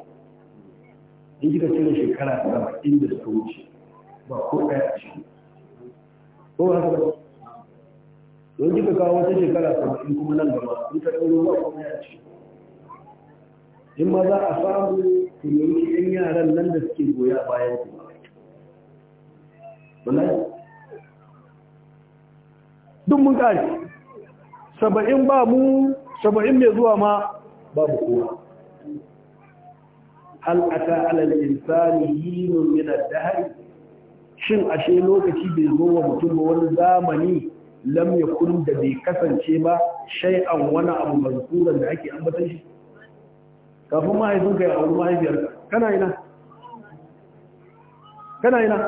Speaker 1: in kika cire shekara saba'in da suka wuce ba ko ɗaya a ciki ko haka ba don kika kawo wata shekara saba'in kuma nan gaba in ka ɗauro ba ko ɗaya a ciki in ma za a samu ku yanki ɗan yaran nan da suke goya bayan ku wallahi duk mun ƙari saba'in ba mu saba'in mai zuwa ma babu kowa hal ata ala insani hinun min ad-dahr shin ashe lokaci bai zo wa mutum ba wani zamani lam yakun da bai kasance ba shay'an wani abu mazkuran da ake ambata shi kafin mahaifinka ya auri mahaifiyarka kana ina kana ina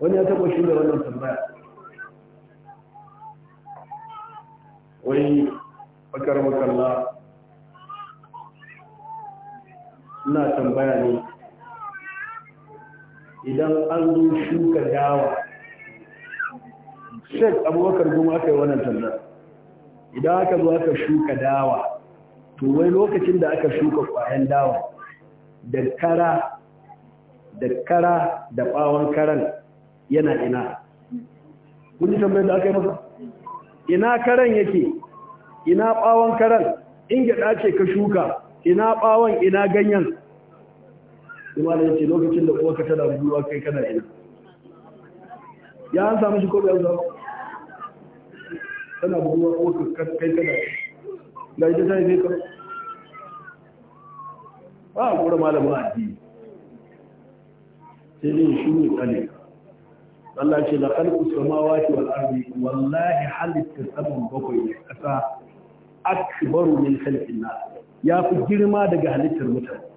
Speaker 1: wani ya taɓa shi da wannan tambaya wai bakar makalla ina tambaya ne idan an zo shuka dawa shek abubakar goma aka yi wannan tambayar idan aka zo aka shuka dawa to wai lokacin da aka shuka kwayan dawa da kara da kara da bawon karan yana ina kun ji tambayar da aka yi masa ina karan yake ina bawon karan in gyaɗa ce ka shuka ina bawon ina ganyen kuma ma ya ce lokacin da uwarka tana buruwa kai kana ina ya an samu shi ko bai zama tana buruwa uwarka kai kana ga ita ta yi kai ba a kura malamin addini sai dai shi ne kane Allah ce da kalku samawati wa ardi wallahi halitta saman bakwai ne kasa akbaru min khalqin ya fi girma daga halittar mutane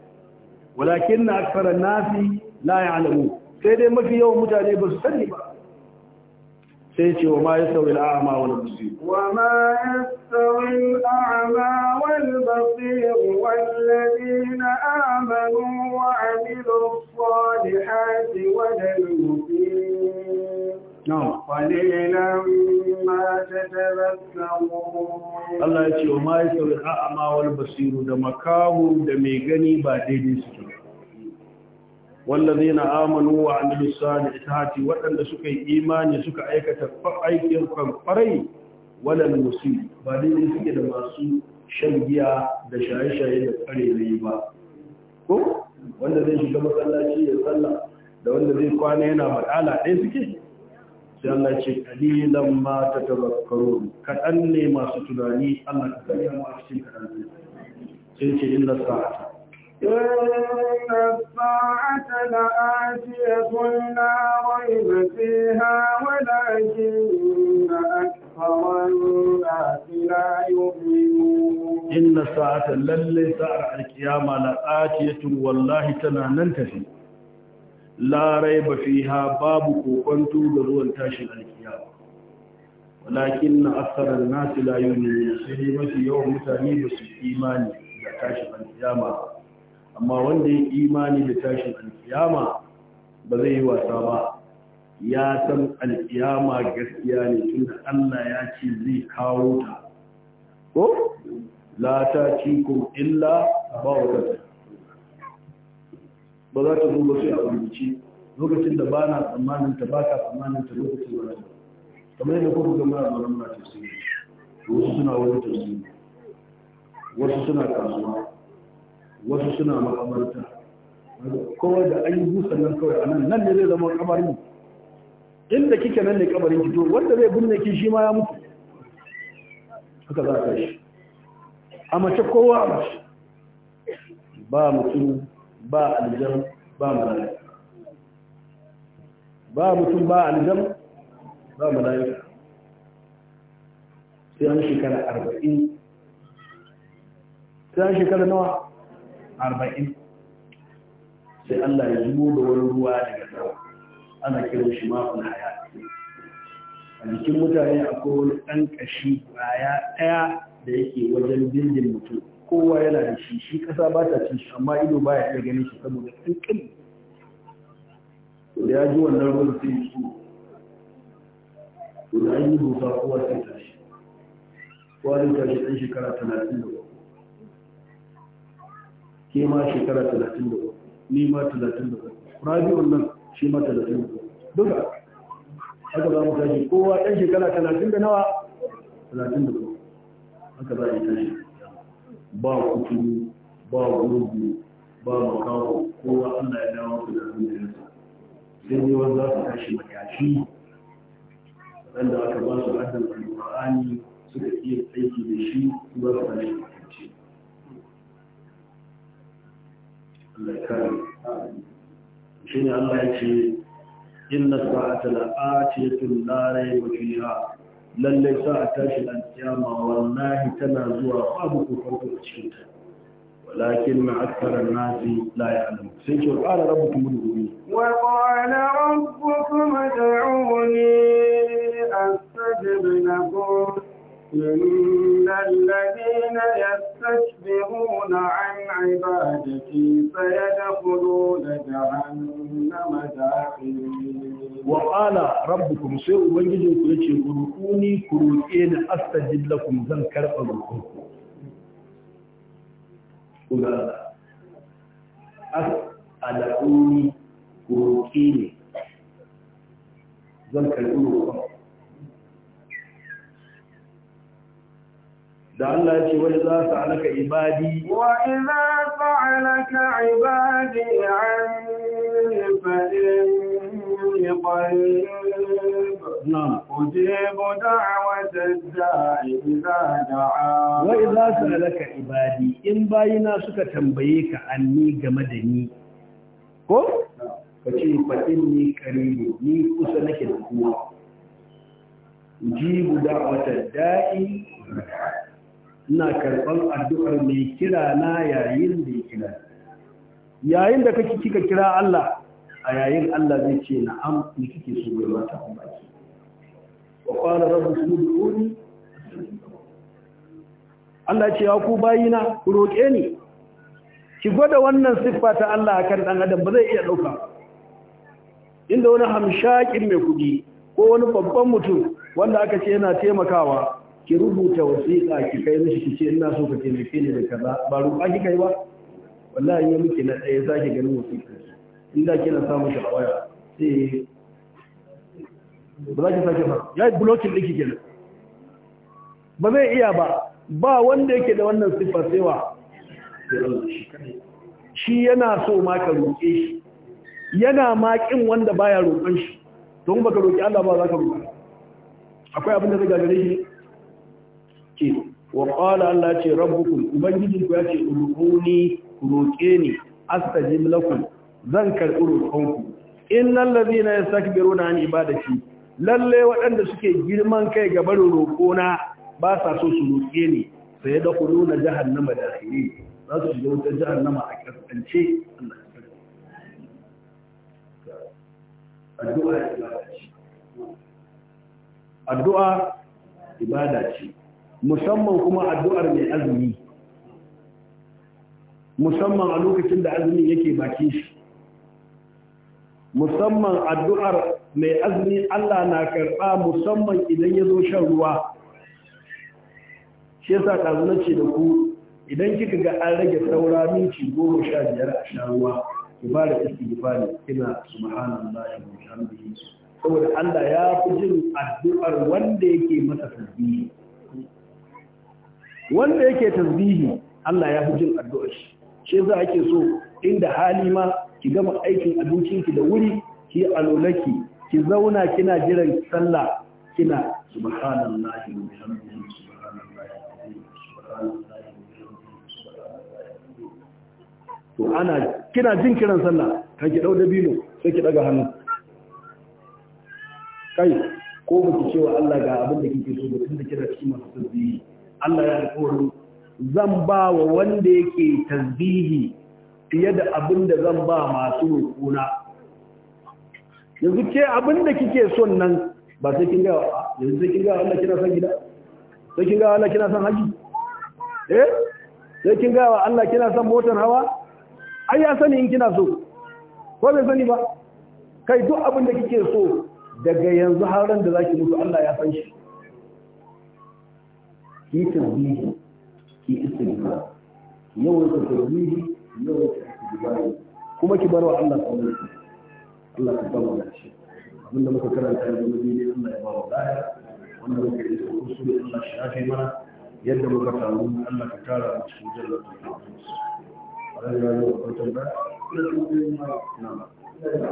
Speaker 1: walakin na akfara nafi la alamu. sai dai mafi yawan mutane ba su sani ba sai ce wa ma ya yasawi al'ama wal basir
Speaker 2: wa ma yasawi al'ama wal basir walladina amanu wa amilu salihati wa lil Allah ya ce wa ma yi sauri
Speaker 1: a amawar basiru da makawo da mai gani ba daidai suke. Wanda zai na amanu wa Andalusa da itahati waɗanda suka yi imani suka aikata aikin kwanfarai waɗanda musu ba daidai suke da masu shan giya da shaye-shaye da yi ba. Ko? Wanda zai shiga matsalaci ya tsalla da wanda zai kwana yana matsala ɗaya suke? sai Allah ce kalilan ma ta tazakkaru kaɗan ne masu tunani Allah ka kare mu a cikin kaɗan ne sai ce inna sa'ata
Speaker 2: إن الساعة لآتية لا ريب فيها ولكن أكثر الناس لا يؤمنون
Speaker 1: إن الساعة na سعر tun wallahi tana nan tafi. larai ba fi ha babu kokonto da ruwan tashin alkiya walakin na asarar nasu layu ne sai dai mafi yawan mutane ba su imani da tashin alkiyama amma wanda ya imani da tashin alkiyama ba zai yi wasa ba ya san alkiyama gaskiya ne tun da allah ya ce zai kawo ta ko la ta cikin illa ba wata ba za ta zo ba sai a rubuce lokacin da ba na tsammanin ta ba ka tsammanin ta lokacin ba ta kamar yadda kuka ga muna zaune muna tafsiri wasu suna wani tafsiri wasu suna kasuwa wasu suna makamarta kawai da an yi busa nan kawai a nan nan ne zai zama kamarin inda kike nan ne kamarin ki to wanda zai binne ki shi ma ya mutu haka za ka shi a mace kowa a mace ba mutum ba aljam ba mala'ika ba mutum ba aljam ba mala'ika sai an shekara arba'in sai an shekara nawa arba'in sai Allah ya zubo da wani ruwa daga sama ana kiran shi mafin haya a jikin mutane akwai wani ɗan ƙashi ƙwaya ɗaya da yake wajen bindin mutum kowa yana da shi shi kasa ba ta cin shi amma ido ba ya iya ganin shi saboda kankan
Speaker 3: da ya ji wannan ruwan sai
Speaker 1: su to da an yi busa kowa sai shi kowa ta tashi ɗan shekara talatin da uku ke ma shekara talatin da uku ni ma talatin da uku rabi wannan shi ma talatin da uku duka aka za mu tashi kowa ɗan shekara talatin da nawa talatin da uku aka za a yi tashi ba kuturu ba gurgu ba makawo kowa Allah ya dawo su da zuciyarsa sai ne wanda za su tashi makashi wanda aka ba su haddan alƙur'ani suka iya aiki da shi su ba su tashi makashi Allah ya shi ne Allah ya ce inna sa'ata la'atiyatun la wa fiha lallai sa a tashin alkiyama wallahi tana zuwa babu kofarku a cikinta walakin na aksarar nasi la ya alamu sai ce wa ƙara rabu kuma duni
Speaker 2: wa ƙwala rabu kuma da'uni astajib lakum إن الذين يستكبرون عن عبادتي سيدخلون
Speaker 1: جهنم داخلين wa qala rabbukum sai ubangijin ku yace urquni ku roƙe ni astajib lakum zan karɓa roƙon ku kuma as'aluni ku roƙe ni zan karɓi roƙon da Allah ya ce wani za su alaka ibadi wa
Speaker 2: ina fa'alaka ibadi an fa'in قريب نعم أجيب
Speaker 1: ibadi in bayina suka وإذا ka anni game da ni ko kace fa inni qaribu ni kusa nake da ji jibu da'wata da'i ina karban addu'ar mai kira na yayin da ya kira yayin da kake kika kira Allah a yayin Allah zai ce na'am ni kike so Ba mata an baki wa qala rabbi ud'uni Allah ce ya ku bayina ku roke ni ki gwada wannan siffa ta Allah akan dan adam ba zai iya dauka inda wani hamshakin mai kudi ko wani babban mutum wanda aka ce yana taimakawa ki rubuta wasiƙa ki kai mishi ki ce ina so ka taimake ni da kaza ba ruwa ki kai ba wallahi ya miki na ɗaya zaki ganin wasiƙa inda kina samu shi a waya sai ba za ki sake ba ya yi blokin da kenan ba zai iya ba ba wanda yake da wannan siffar tsewa shi yana so ma ka roƙe shi yana maƙin wanda baya roƙon shi don ka roƙi Allah ba za ka roƙa akwai abin da zai gagare shi ke wa qala Allah ce rabbukum ubangijinku ya ce uruni roƙe ni astajib lakum zan karɓi roƙonku innal ladina yastakbiruna an shi. lalle waɗanda suke girman kai ga barin roƙona ba sa so su roƙe ni sai da jihar nama da akhiri za su shiga wutar nama a kaskance addu'a ibada ce addu'a ibada ce musamman kuma addu'ar mai azumi musamman a lokacin da azumin yake bakin shi musamman addu'ar mai azumi Allah na karɓa musamman idan ya zo shan ruwa shi yasa ɗazu ce da ku idan kika ga an rage saura minti goma sha biyar a sha ruwa ki fara istighfari kina subhanallahi wa bihamdihi saboda Allah ya fi jin addu'ar wanda yake masa tasbihi wanda yake tasbihi Allah ya fi jin addu'ar shi shi yasa ake so inda hali ma ki gama aikin abincinki da wuri ki alolaki ki zauna kina jiran sallah kina subhanallahi wa bihamdihi to ana kina jin kiran sallah kan ki dau dabino sai ki daga hannu kai ko baki cewa Allah ga abin da kike so tun da kira cikin masu tasbihi Allah ya alƙawarin zan ba wa wanda yake tasbihi fiye da abin da zan ba masu rukuna yanzu ke abin da kike son nan ba sai kin ga yanzu sai kin ga Allah kina son gida sai kin ga Allah kina son haji eh sai kin ga Allah kina son motar hawa ai ya sani in kina so ko bai sani ba kai duk abin da kike so daga yanzu har ran da zaki mutu Allah ya san shi ki tasbihi ki istighfar yawan tasbihi yawan kuma ki bar wa Allah sauri Allah ka samu da shi abin da muka karanta da mu Allah ya ba mu daya wanda muka yi kusuri Allah shi ya mana yadda muka samu Allah ka tara mu cikin jannatin firdaus Allah ya yi wa tambaya na'am da kuma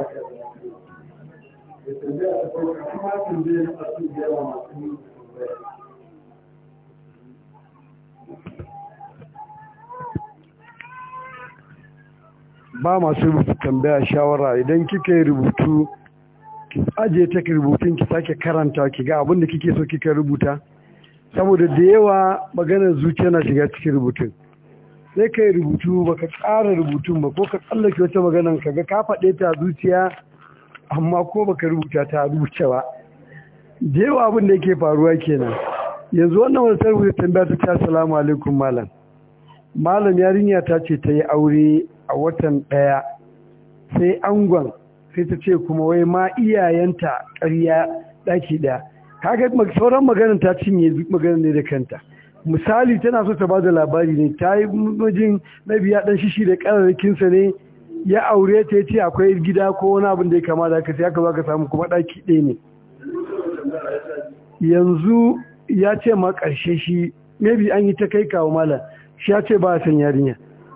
Speaker 1: tambaya ta farko kuma tambayar asu da yawa masu
Speaker 3: ba masu rubutu tambaya shawara idan kika yi rubutu ki aje ta rubutun ki sake karanta ki ga abin kike so kika rubuta saboda da yawa maganar zuciya na shiga cikin rubutun sai ka yi rubutu baka tsara rubutun ba ko ka tsallake wata magana ka ga ka faɗe ta zuciya amma ko baka rubuta ta rubuce ba da yawa abin da yake faruwa kenan yanzu wannan wani rubuta tambaya ta ta salamu alaikum malam malam yarinya ta ce ta yi aure a watan ɗaya sai angon sai ta ce kuma wai ma iyayenta ƙarya ɗaki ɗaya kaga sauran maganin ta cinye maganin ne da kanta misali tana so ta ba da labari ne ta yi mijin mabiya ɗan shishi da ƙararrakinsa ne ya aure ta ya ce akwai gida ko wani abin da ya kama da aka sai aka zo samu kuma ɗaki ɗaya ne yanzu ya ce ma ƙarshe shi maybe an yi ta kai kawo malam shi ya ce ba a san yarinya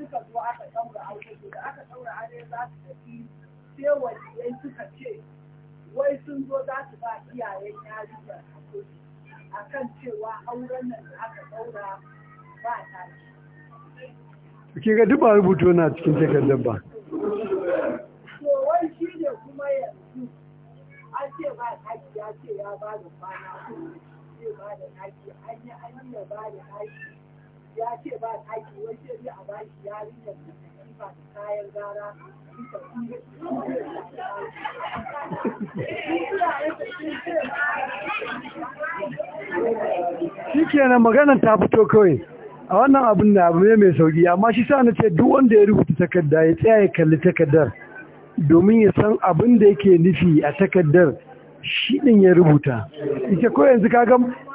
Speaker 2: suka zo aka ɗaura aure to da aka ɗaura aure za su tafi sai waliyai suka ce wai sun zo za su ba iyayen yarinyar a akan cewa auren nan da aka ɗaura ba ta
Speaker 1: ci.
Speaker 3: Kin ga duk ba rubutu na cikin takardar ba.
Speaker 2: To wai shi ne kuma yanzu an ce ba taki ya ce ya ba da kwana zai ba da taki an yi an yi ya ba da taki ya ce ba taki wai zai a bashi yarinyar da da kayan gara
Speaker 3: shi kenan maganar ta fito kawai a wannan abin na abu ne mai sauki amma shi sa na ce duk wanda ya rubuta takarda ya tsaya ya kalli takardar domin ya san abin da yake nufi a takardar shi din ya rubuta ita ko yanzu kaga